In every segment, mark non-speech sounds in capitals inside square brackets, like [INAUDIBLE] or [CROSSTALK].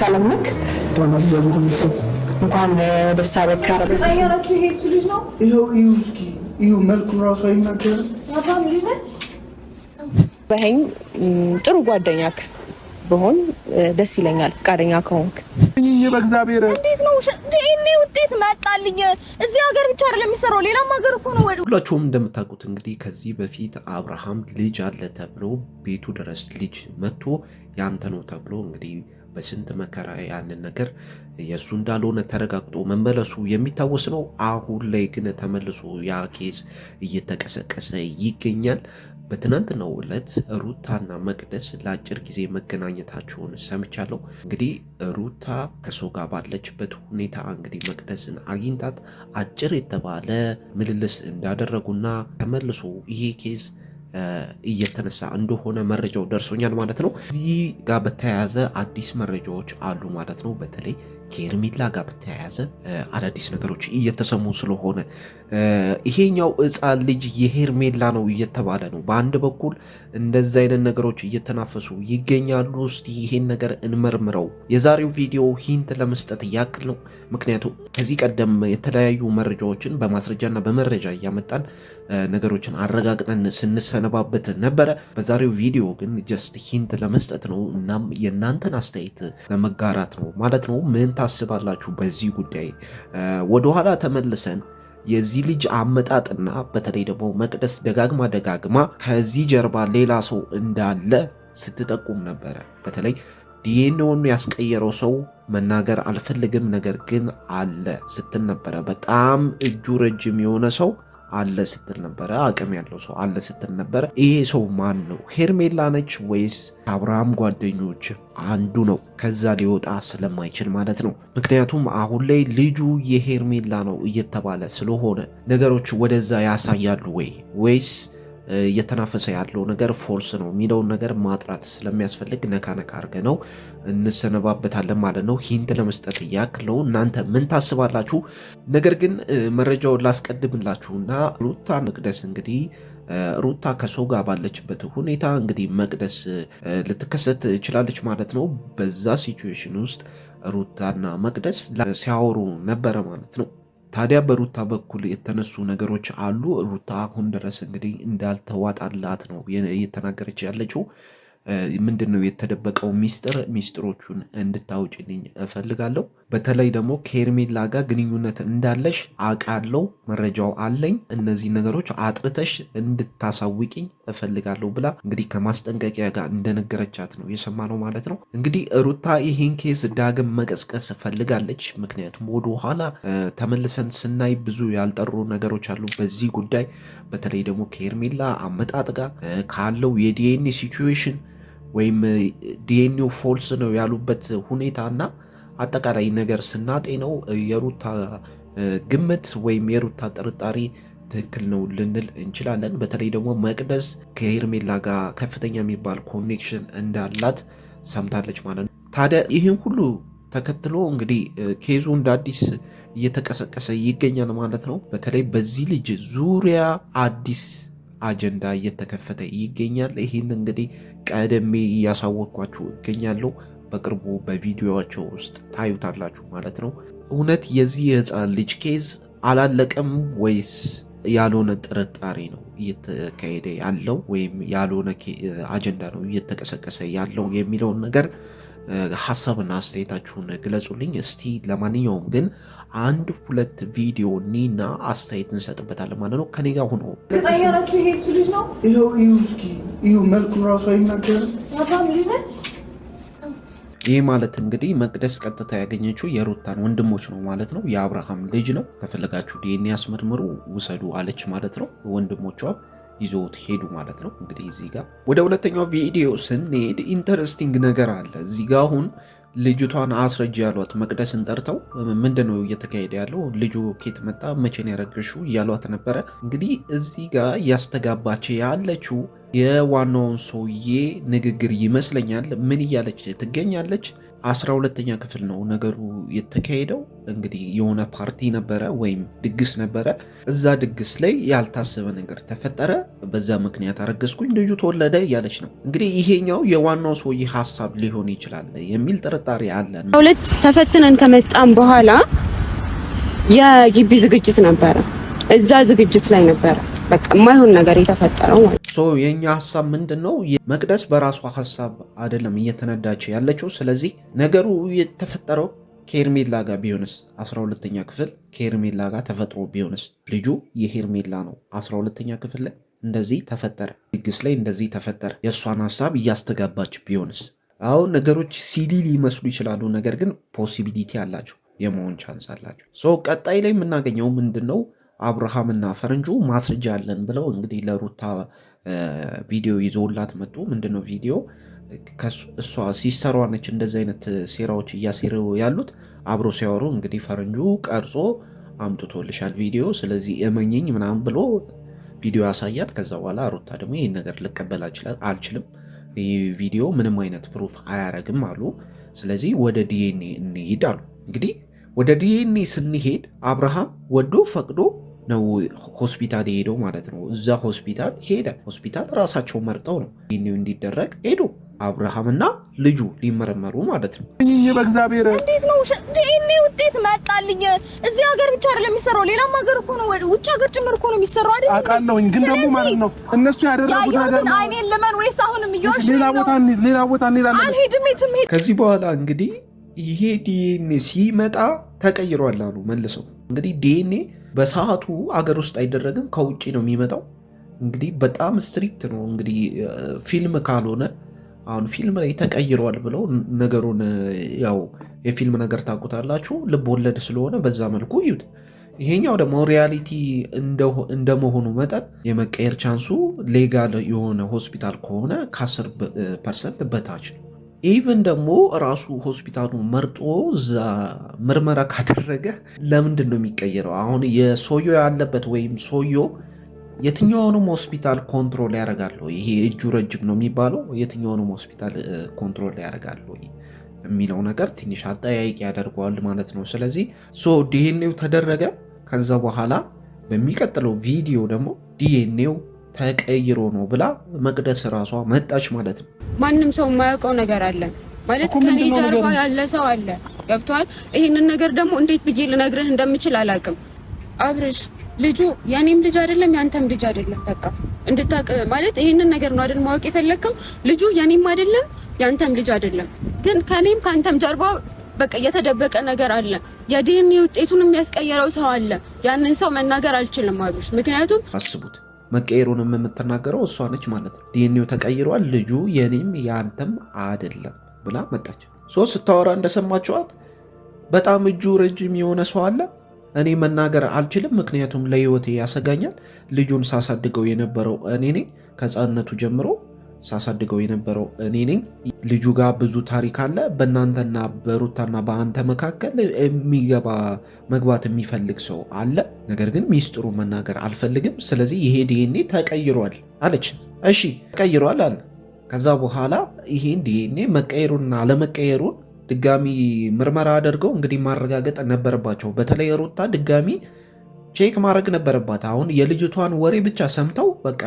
ሰላም ነህ? እንኳን ደስ አለህ። መልኩን ራሱ አይናገርም። በህኝ ጥሩ ጓደኛክ ብሆን ደስ ይለኛል። ፈቃደኛ ከሆንክ በእግዚአብሔር እንዴት ነው ውጤት መጣልኝ። እዚህ ሀገር ብቻ አይደለም የሚሰራው ሌላም ሀገር እኮ ነው። ሁላችሁም እንደምታውቁት እንግዲህ ከዚህ በፊት አብርሃም ልጅ አለ ተብሎ ቤቱ ድረስ ልጅ መጥቶ ያንተ ነው ተብሎ እንግዲህ በስንት መከራ ያንን ነገር የእሱ እንዳልሆነ ተረጋግጦ መመለሱ የሚታወስ ነው። አሁን ላይ ግን ተመልሶ ያ ኬዝ እየተቀሰቀሰ ይገኛል። በትናንትናው ዕለት ሩታና መቅደስ ለአጭር ጊዜ መገናኘታቸውን ሰምቻለሁ። እንግዲህ ሩታ ከሰው ጋር ባለችበት ሁኔታ እንግዲህ መቅደስን አግኝታት አጭር የተባለ ምልልስ እንዳደረጉና ተመልሶ ይሄ ኬዝ እየተነሳ እንደሆነ መረጃው ደርሶኛል ማለት ነው። እዚህ ጋር በተያያዘ አዲስ መረጃዎች አሉ ማለት ነው። በተለይ ከሄርሜላ ጋር በተያያዘ አዳዲስ ነገሮች እየተሰሙ ስለሆነ ይሄኛው ህፃን ልጅ የሄርሜላ ነው እየተባለ ነው። በአንድ በኩል እንደዚህ አይነት ነገሮች እየተናፈሱ ይገኛሉ። እስቲ ይሄን ነገር እንመርምረው። የዛሬው ቪዲዮ ሂንት ለመስጠት ያክል ነው። ምክንያቱም ከዚህ ቀደም የተለያዩ መረጃዎችን በማስረጃና በመረጃ እያመጣን ነገሮችን አረጋግጠን ስንሰነባበት ነበረ። በዛሬው ቪዲዮ ግን ጀስት ሂንት ለመስጠት ነው። እናም የእናንተን አስተያየት ለመጋራት ነው ማለት ነው። ምን ታስባላችሁ በዚህ ጉዳይ? ወደኋላ ተመልሰን የዚህ ልጅ አመጣጥና በተለይ ደግሞ መቅደስ ደጋግማ ደጋግማ ከዚህ ጀርባ ሌላ ሰው እንዳለ ስትጠቁም ነበረ። በተለይ ዲኤንኤውን ያስቀየረው ሰው መናገር አልፈልግም ነገር ግን አለ ስትል ነበረ። በጣም እጁ ረጅም የሆነ ሰው አለ ስትል ነበረ። አቅም ያለው ሰው አለ ስትል ነበረ። ይሄ ሰው ማን ነው? ሄርሜላ ነች ወይስ አብርሃም ጓደኞች አንዱ ነው? ከዛ ሊወጣ ስለማይችል ማለት ነው። ምክንያቱም አሁን ላይ ልጁ የሄርሜላ ነው እየተባለ ስለሆነ ነገሮች ወደዛ ያሳያሉ ወይ ወይስ እየተናፈሰ ያለው ነገር ፎርስ ነው የሚለውን ነገር ማጥራት ስለሚያስፈልግ ነካ ነካ አድርገ ነው እንሰነባበታለን ማለት ነው። ሂንት ለመስጠት ያክለው እናንተ ምን ታስባላችሁ? ነገር ግን መረጃውን ላስቀድምላችሁና ሩታ መቅደስ እንግዲህ ሩታ ከሰው ጋር ባለችበት ሁኔታ እንግዲህ መቅደስ ልትከሰት ችላለች ማለት ነው። በዛ ሲቹዌሽን ውስጥ ሩታና መቅደስ ሲያወሩ ነበረ ማለት ነው። ታዲያ በሩታ በኩል የተነሱ ነገሮች አሉ። ሩታ አሁን ድረስ እንግዲህ እንዳልተዋጣላት ነው እየተናገረች ያለችው። ምንድን ነው የተደበቀው ሚስጥር? ሚስጥሮቹን እንድታውጭልኝ እፈልጋለሁ። በተለይ ደግሞ ከሄርሜላ ጋር ግንኙነት እንዳለሽ አቃለው መረጃው አለኝ። እነዚህ ነገሮች አጥርተሽ እንድታሳውቂኝ እፈልጋለሁ ብላ እንግዲህ ከማስጠንቀቂያ ጋር እንደነገረቻት ነው የሰማነው ማለት ነው። እንግዲህ ሩታ ይህን ኬስ ዳግም መቀስቀስ ፈልጋለች። ምክንያቱም ወደ ኋላ ተመልሰን ስናይ ብዙ ያልጠሩ ነገሮች አሉ በዚህ ጉዳይ በተለይ ደግሞ ከሄርሜላ አመጣጥ ጋር ካለው የዲኤንኤ ሲቹዌሽን ወይም ዲኤንኤው ፎልስ ነው ያሉበት ሁኔታ እና አጠቃላይ ነገር ስናጤነው የሩታ ግምት ወይም የሩታ ጥርጣሬ ትክክል ነው ልንል እንችላለን። በተለይ ደግሞ መቅደስ ከሄርሜላ ጋር ከፍተኛ የሚባል ኮኔክሽን እንዳላት ሰምታለች ማለት ነው። ታዲያ ይህን ሁሉ ተከትሎ እንግዲህ ኬዙ እንደ አዲስ እየተቀሰቀሰ ይገኛል ማለት ነው። በተለይ በዚህ ልጅ ዙሪያ አዲስ አጀንዳ እየተከፈተ ይገኛል። ይህን እንግዲህ ቀደሜ እያሳወቅኳችሁ እገኛለሁ። በቅርቡ በቪዲዮቸው ውስጥ ታዩታላችሁ ማለት ነው። እውነት የዚህ የህፃን ልጅ ኬዝ አላለቀም ወይስ ያልሆነ ጥርጣሬ ነው እየተካሄደ ያለው ወይም ያልሆነ አጀንዳ ነው እየተቀሰቀሰ ያለው የሚለውን ነገር ሀሳብና አስተያየታችሁን ግለጹልኝ እስቲ። ለማንኛውም ግን አንድ ሁለት ቪዲዮ ኒና አስተያየት እንሰጥበታለን ማለት ነው። ከኔ ጋር ሆኖ ይሄ እሱ ልጅ ነው። ይኸው እዩ እስኪ እዩ መልኩን ራሱ አይናገርም ይህ ማለት እንግዲህ መቅደስ ቀጥታ ያገኘችው የሩታን ወንድሞች ነው ማለት ነው። የአብርሃም ልጅ ነው። ከፈለጋችሁ ዲኤንኤ አስመርምሩ ውሰዱ አለች ማለት ነው። ወንድሞቿም ይዞት ሄዱ ማለት ነው። እንግዲህ እዚህ ጋር ወደ ሁለተኛው ቪዲዮ ስንሄድ ኢንተረስቲንግ ነገር አለ እዚህ ጋር አሁን ልጅቷን አስረጅ ያሏት መቅደስን ጠርተው ምንድን ነው እየተካሄደ ያለው? ልጁ ኬት መጣ? መቼን ያረገሹ እያሏት ነበረ። እንግዲህ እዚህ ጋር እያስተጋባች ያለችው የዋናውን ሰውዬ ንግግር ይመስለኛል። ምን እያለች ትገኛለች? አስራ ሁለተኛ ክፍል ነው ነገሩ የተካሄደው። እንግዲህ የሆነ ፓርቲ ነበረ ወይም ድግስ ነበረ። እዛ ድግስ ላይ ያልታሰበ ነገር ተፈጠረ፣ በዛ ምክንያት አረገዝኩኝ፣ ልጁ ተወለደ እያለች ነው። እንግዲህ ይሄኛው የዋናው ሰውዬ ሀሳብ ሊሆን ይችላል የሚል ጥርጣሬ አለ። ሁለት ተፈትነን ከመጣም በኋላ የግቢ ዝግጅት ነበረ፣ እዛ ዝግጅት ላይ ነበረ በቃ የማይሆን ነገር የተፈጠረው ማለት ነው። የእኛ ሀሳብ ምንድን ነው? መቅደስ በራሷ ሀሳብ አይደለም እየተነዳቸው ያለችው። ስለዚህ ነገሩ የተፈጠረው ከሄርሜላ ጋር ቢሆንስ? 12 ሁለተኛ ክፍል ከሄርሜላ ጋር ተፈጥሮ ቢሆንስ? ልጁ የሄርሜላ ነው። 12ኛ ክፍል ላይ እንደዚህ ተፈጠረ፣ ድግስ ላይ እንደዚህ ተፈጠረ። የእሷን ሀሳብ እያስተጋባች ቢሆንስ? አሁን ነገሮች ሲሊል ሊመስሉ ይችላሉ። ነገር ግን ፖሲቢሊቲ አላቸው፣ የመሆን ቻንስ አላቸው። ሶ ቀጣይ ላይ የምናገኘው ምንድን ነው? አብርሃምና ፈረንጁ ማስረጃ አለን ብለው እንግዲህ ለሩታ ቪዲዮ ይዞላት መጡ። ምንድነው ቪዲዮ እሷ ሲስተሯ ነች። እንደዚህ አይነት ሴራዎች እያሴሩ ያሉት አብሮ ሲያወሩ እንግዲህ ፈረንጁ ቀርጾ አምጥቶልሻል ቪዲዮ፣ ስለዚህ እመኝኝ ምናምን ብሎ ቪዲዮ ያሳያት። ከዛ በኋላ ሩታ ደግሞ ይህን ነገር ልቀበል አልችልም፣ ይህ ቪዲዮ ምንም አይነት ፕሩፍ አያረግም አሉ። ስለዚህ ወደ ዲኤንኤ እንሄድ አሉ። እንግዲህ ወደ ዲኤንኤ ስንሄድ አብርሃም ወዶ ፈቅዶ ነው ሆስፒታል የሄደው ማለት ነው። እዛ ሆስፒታል ሄደ። ሆስፒታል ራሳቸው መርጠው ነው ይህ እንዲደረግ ሄዱ። አብርሃምና ልጁ ሊመረመሩ ማለት ነው። በእግዚአብሔር እንዴት ነው ዲኤንኤ ውጤት መጣልኝ። እዚህ ሀገር ብቻ አይደለም የሚሰራው፣ ሌላም ሀገር እኮ ነው፣ ውጭ ሀገር ጭምር እኮ ነው የሚሰራው አይደል? አውቃለሁኝ፣ ግን ደግሞ ማለት ነው እነሱ ያደረጉት ነገር ነው። አይኔን ልመን ወይስ አሁንም እየዋሽ ሌላ ቦታ ሌላ ቦታ እንሄዳለን። አልሄድም፣ የትም ሄድ። ከዚህ በኋላ እንግዲህ ይሄ ዲኤንኤ ሲመጣ ተቀይሯል አሉ መልሰው። እንግዲህ ዲኤንኤ በሰዓቱ አገር ውስጥ አይደረግም፣ ከውጭ ነው የሚመጣው። እንግዲህ በጣም ስትሪክት ነው። እንግዲህ ፊልም ካልሆነ አሁን ፊልም ላይ ተቀይሯል ብለው ነገሩን ያው የፊልም ነገር ታውቁታላችሁ፣ ልብ ወለድ ስለሆነ በዛ መልኩ እዩት። ይሄኛው ደግሞ ሪያሊቲ እንደመሆኑ መጠን የመቀየር ቻንሱ ሌጋል የሆነ ሆስፒታል ከሆነ ከ10 ፐርሰንት በታች ነው። ኢቨን ደግሞ ራሱ ሆስፒታሉ መርጦ እዛ ምርመራ ካደረገ ለምንድን ነው የሚቀየረው? አሁን የሶዮ ያለበት ወይም ሶዮ የትኛውንም ሆስፒታል ኮንትሮል ያደርጋል ወይ? ይሄ እጁ ረጅም ነው የሚባለው የትኛውንም ሆስፒታል ኮንትሮል ያደርጋል ወይ የሚለው ነገር ትንሽ አጠያቂ ያደርገዋል ማለት ነው። ስለዚህ ሶ ዲኤንኤው ተደረገ። ከዛ በኋላ በሚቀጥለው ቪዲዮ ደግሞ ዲኤንኤው ተቀይሮ ነው ብላ መቅደስ ራሷ መጣች ማለት ነው። ማንም ሰው የማያውቀው ነገር አለ ማለት ከኔ ጀርባ ያለ ሰው አለ። ገብቷል። ይሄንን ነገር ደግሞ እንዴት ብዬ ልነግርህ እንደምችል አላውቅም። አብርሽ ልጁ የኔም ልጅ አይደለም ያንተም ልጅ አይደለም። በቃ እንድታውቅ ማለት ይሄንን ነገር ነው አይደል ማወቅ የፈለግከው። ልጁ የኔም አይደለም ያንተም ልጅ አይደለም። ግን ከኔም ከአንተም ጀርባ በቃ የተደበቀ ነገር አለ። የዲኤንኤ ውጤቱን የሚያስቀየረው ሰው አለ። ያንን ሰው መናገር አልችልም አብርሽ፣ ምክንያቱም አስቡት መቀየሩንም የምትናገረው እሷ ነች ማለት ነው። ዲኤንኤው ተቀይሯል፣ ልጁ የኔም የአንተም አይደለም ብላ መጣች። ሶ ስታወራ እንደሰማችኋት በጣም እጁ ረጅም የሆነ ሰው አለ። እኔ መናገር አልችልም፣ ምክንያቱም ለህይወቴ ያሰጋኛል። ልጁን ሳሳድገው የነበረው እኔ ነኝ ከህፃንነቱ ጀምሮ ሳሳድገው የነበረው እኔ ነኝ። ልጁ ጋር ብዙ ታሪክ አለ። በእናንተና በሩታና በአንተ መካከል የሚገባ መግባት የሚፈልግ ሰው አለ፣ ነገር ግን ሚስጥሩ መናገር አልፈልግም። ስለዚህ ይሄ ዲኤንኤ ተቀይሯል አለች። እሺ ተቀይሯል አለ። ከዛ በኋላ ይሄን ዲኤንኤ መቀየሩንና አለመቀየሩን ድጋሚ ምርመራ አድርገው እንግዲህ ማረጋገጥ ነበረባቸው። በተለይ ሩታ ድጋሚ ቼክ ማድረግ ነበረባት። አሁን የልጅቷን ወሬ ብቻ ሰምተው በቃ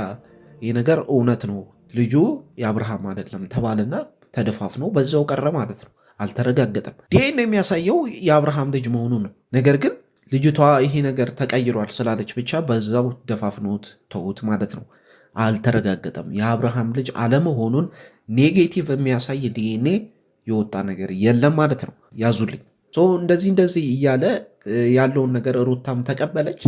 ይህ ነገር እውነት ነው ልጁ የአብርሃም አይደለም ተባለና ተደፋፍኖ በዛው ቀረ ማለት ነው። አልተረጋገጠም። ዲኤን የሚያሳየው የአብርሃም ልጅ መሆኑ ነው። ነገር ግን ልጅቷ ይሄ ነገር ተቀይሯል ስላለች ብቻ በዛው ደፋፍኖት ተውት ማለት ነው። አልተረጋገጠም። የአብርሃም ልጅ አለመሆኑን ኔጌቲቭ የሚያሳይ ዲኤንኤ የወጣ ነገር የለም ማለት ነው። ያዙልኝ። እንደዚህ እንደዚህ እያለ ያለውን ነገር ሩታም ተቀበለች።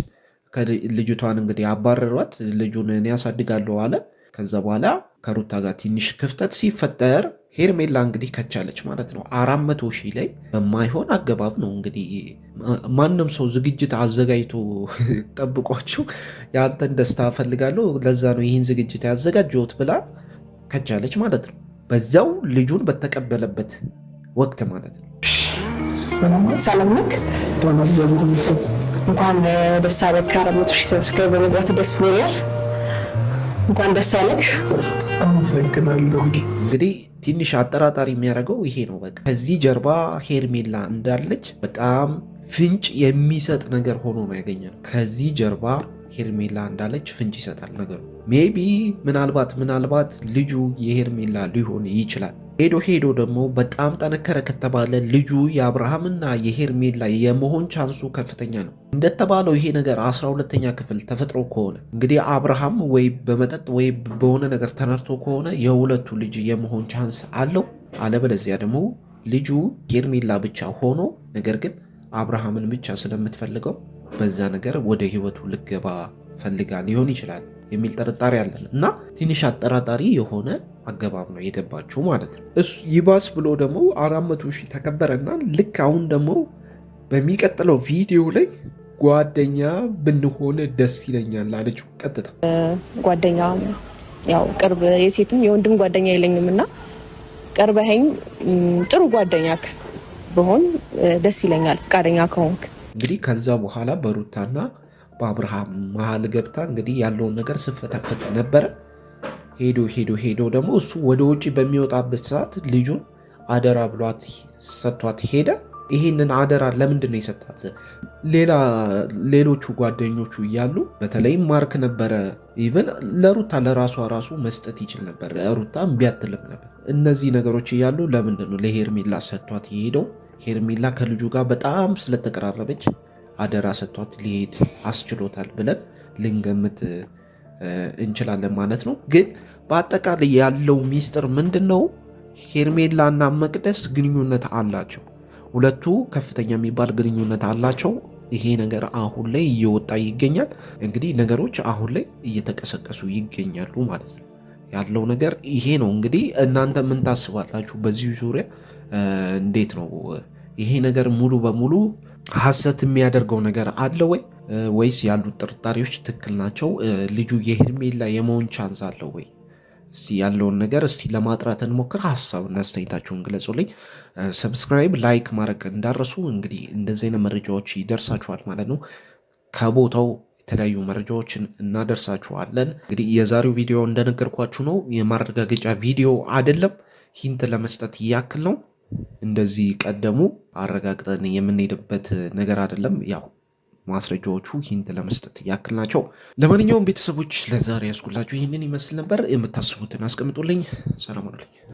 ልጅቷን እንግዲህ አባረሯት። ልጁን ያሳድጋለሁ አለ። ከዛ በኋላ ከሩታ ጋር ትንሽ ክፍተት ሲፈጠር ሄርሜላ እንግዲህ ከቻለች ማለት ነው አራት መቶ ሺህ ላይ በማይሆን አገባብ ነው እንግዲህ ማንም ሰው ዝግጅት አዘጋጅቶ [LAUGHS] ጠብቋቸው የአንተን ደስታ እፈልጋለሁ ለዛ ነው ይህን ዝግጅት ያዘጋጀሁት ብላ ከቻለች ማለት ነው በዚያው ልጁን በተቀበለበት ወቅት ማለት ነው ሰላም ነክ ደስ እንኳን ደስ አለህ አመሰግናለሁ። እንግዲህ ትንሽ አጠራጣሪ የሚያደርገው ይሄ ነው። በቃ ከዚህ ጀርባ ሄርሜላ እንዳለች በጣም ፍንጭ የሚሰጥ ነገር ሆኖ ነው ያገኘነው። ከዚህ ጀርባ ሄርሜላ እንዳለች ፍንጭ ይሰጣል ነገሩ። ሜቢ ምናልባት ምናልባት ልጁ የሄርሜላ ሊሆን ይችላል። ሄዶ ሄዶ ደግሞ በጣም ጠነከረ ከተባለ ልጁ የአብርሃምና የሄርሜላ የመሆን ቻንሱ ከፍተኛ ነው። እንደተባለው ይሄ ነገር አስራ ሁለተኛ ክፍል ተፈጥሮ ከሆነ እንግዲህ አብርሃም ወይ በመጠጥ ወይ በሆነ ነገር ተነርቶ ከሆነ የሁለቱ ልጅ የመሆን ቻንስ አለው። አለበለዚያ ደግሞ ልጁ ሄርሜላ ብቻ ሆኖ ነገር ግን አብርሃምን ብቻ ስለምትፈልገው በዛ ነገር ወደ ህይወቱ ልገባ ፈልጋ ሊሆን ይችላል የሚል ጥርጣሬ አለን እና ትንሽ አጠራጣሪ የሆነ አገባብ ነው የገባችው ማለት ነው። እሱ ይባስ ብሎ ደግሞ አራት መቶ ሺህ ተከበረና ልክ አሁን ደግሞ በሚቀጥለው ቪዲዮ ላይ ጓደኛ ብንሆን ደስ ይለኛል አለችው። ቀጥታ ጓደኛ ያው ቅርብ የሴትም የወንድም ጓደኛ የለኝም እና ቀርበኸኝ ጥሩ ጓደኛክ ብሆን ደስ ይለኛል ፈቃደኛ ከሆንክ እንግዲህ ከዛ በኋላ በሩታና በአብርሃም መሀል ገብታ እንግዲህ ያለውን ነገር ስፈተፍት ነበረ። ሄዶ ሄዶ ሄዶ ደግሞ እሱ ወደ ውጭ በሚወጣበት ሰዓት ልጁን አደራ ብሏት ሰጥቷት ሄደ። ይህንን አደራ ለምንድን ነው የሰጣት? ሌላ ሌሎቹ ጓደኞቹ እያሉ በተለይም ማርክ ነበረ ኢቨን ለሩታ ለራሷ ራሱ መስጠት ይችል ነበር። ሩታ እምቢ አትልም ነበር። እነዚህ ነገሮች እያሉ ለምንድን ነው ለሄርሜላ ሰጥቷት የሄደው? ሄርሜላ ከልጁ ጋር በጣም ስለተቀራረበች አደራ ሰጥቷት ሊሄድ አስችሎታል ብለን ልንገምት እንችላለን ማለት ነው። ግን በአጠቃላይ ያለው ሚስጥር ምንድን ነው? ሄርሜላና መቅደስ ግንኙነት አላቸው። ሁለቱ ከፍተኛ የሚባል ግንኙነት አላቸው። ይሄ ነገር አሁን ላይ እየወጣ ይገኛል። እንግዲህ ነገሮች አሁን ላይ እየተቀሰቀሱ ይገኛሉ ማለት ነው። ያለው ነገር ይሄ ነው። እንግዲህ እናንተ ምን ታስባላችሁ? በዚህ ዙሪያ እንዴት ነው ይሄ ነገር ሙሉ በሙሉ ሀሰት የሚያደርገው ነገር አለ ወይ ወይስ ያሉት ጥርጣሬዎች ትክክል ናቸው? ልጁ የሄርሜላ የመሆን ቻንስ አለው ወይ? እስቲ ያለውን ነገር እስቲ ለማጥራት እንሞክር። ሀሳብ እና አስተያየታችሁን ግለጹልኝ። ሰብስክራይብ፣ ላይክ ማድረግ እንዳረሱ። እንግዲህ እንደዚህ አይነት መረጃዎች ይደርሳችኋል ማለት ነው ከቦታው የተለያዩ መረጃዎችን እናደርሳችኋለን። እንግዲህ የዛሬው ቪዲዮ እንደነገርኳችሁ ነው የማረጋገጫ ቪዲዮ አይደለም፣ ሂንት ለመስጠት ያክል ነው። እንደዚህ ቀደሙ አረጋግጠን የምንሄድበት ነገር አይደለም። ያው ማስረጃዎቹ ሂንት ለመስጠት ያክል ናቸው። ለማንኛውም ቤተሰቦች ለዛሬ ያስኩላችሁ ይህንን ይመስል ነበር። የምታስቡትን አስቀምጡልኝ። ሰላም ሁኑልኝ።